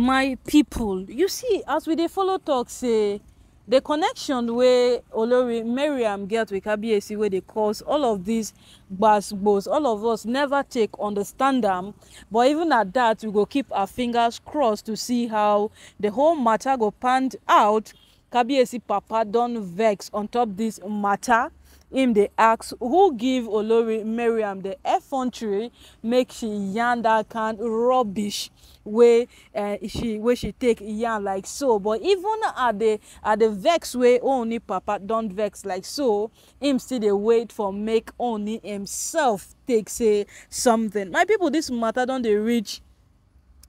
my people you see as we dey follow talk say the connection wey olori mariam get with kabiyesi wey dey cause all of these gbasgbos all of us never take understand am but even at that we go keep our fingers crossed to see how the whole matter go pan out kabiyesi papa don vex on top this matter Him, dey ask who give olori mariam the effrontery make she yarn that kind rubbish wey uh, she wey she take yarn like so but even at the at the vex wey ooni papa don vex like so Him still dey wait for make ooni himself take say something my people this matter don dey reach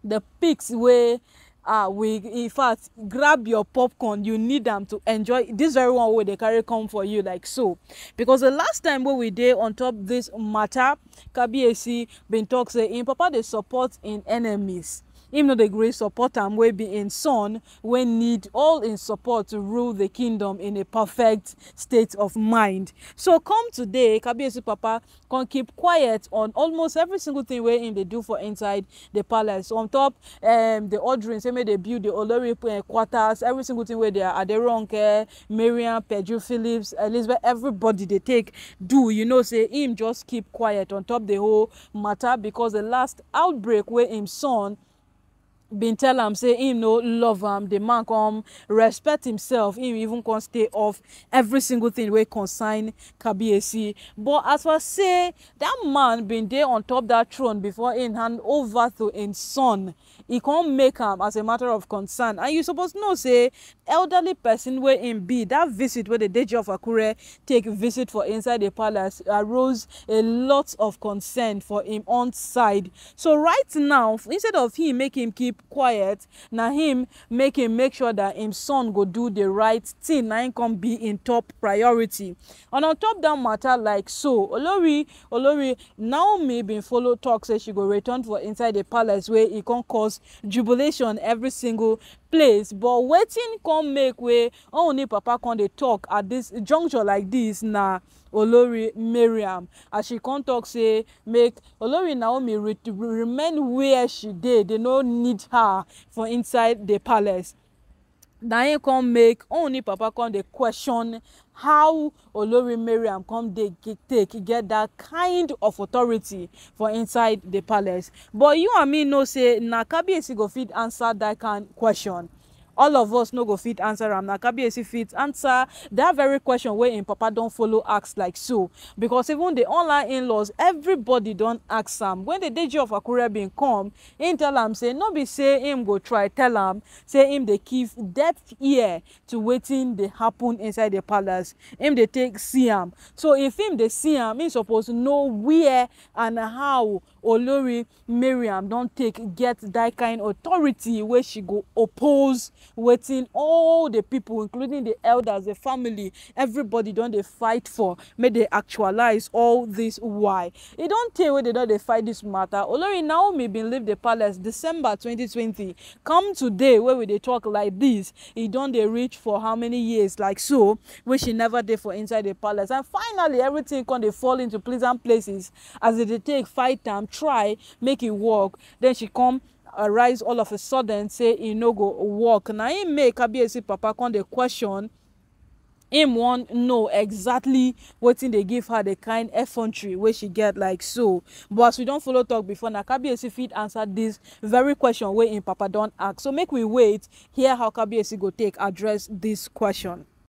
the pics wey ah we in fact grab your popcorn you need am to enjoy this very one wey dey carry come for you like so because the last time wey we dey on top this matter kabiyesi bin talk say im papa dey support im enemies him no dey gree support am wey be im son wey need all im support to rule the kingdom in a perfect state of mind so come today kabiyesi papa come keep quiet on almost every single thing wey him dey do for inside the palace on top um, the ordering say make dey build the olori uh, quarters every single thing wey dey aderonke mariam peju phillips elizabeth everybody dey take do you know say him just keep quiet on top the whole matter because the last outbreak wey him son Been tell him say him no love him. the man come respect himself him even come stay off every single thing wey concern kabiyesi but as for say that man bin dey on top that throne before him hand over to him son e come make am as a matter of concern and you suppose know say elderly person wey in be That visit wey the deji of akure take visit for inside the palace arose a lot of concern for him own side so right now instead of him make him keep quiet na him make him make sure that him son go do the right thing na him come be him top priority and on top that matter like so olori olori naomi bin follow talk say she go return for inside the palace wey e come cause jubilation every single place but wetin come make wey ooni papa come dey talk at this juncture like this na olori mariam as she come talk say make olori naomi re remain where she dey They no need her for inside the palace na him come make ooni papa come dey question how olori mariam come dey take get that kind of authority for inside the palace but you and me know say na kabiyesi go fit answer that kind question all of us no go fit answer am na kabiyesi fit answer dat very question wey im papa don follow ask like so because even the online in-laws everybody don ask am when the deji of akure bin come im tell am say no be say im go try tell am say im dey give depth ear to wetin dey happen inside the palace im dey take see am so if im dey see am im suppose know where and how olori mariam don take get dat kind authority wey she go oppose wetin all the people including the elders the family everybody don dey fight for make they actualize all this why e don tey wey they don dey fight this matter olori naomi bin leave the palace december 2020 come today wey we dey talk like this e don dey reach for how many years like so wey she never dey for inside the palace and finally everything come dey fall into pleasant places as they dey take fight am try make e work then she come arise all of a sudden say e no go work na him make kabiyesi papa come dey question him wan know exactly wetin dey give her the kind effrontery wey she get like so but as we don follow talk before na kabiyesi fit answer this very question wey im papa don ask so make we wait hear how kabiyesi go take address this question.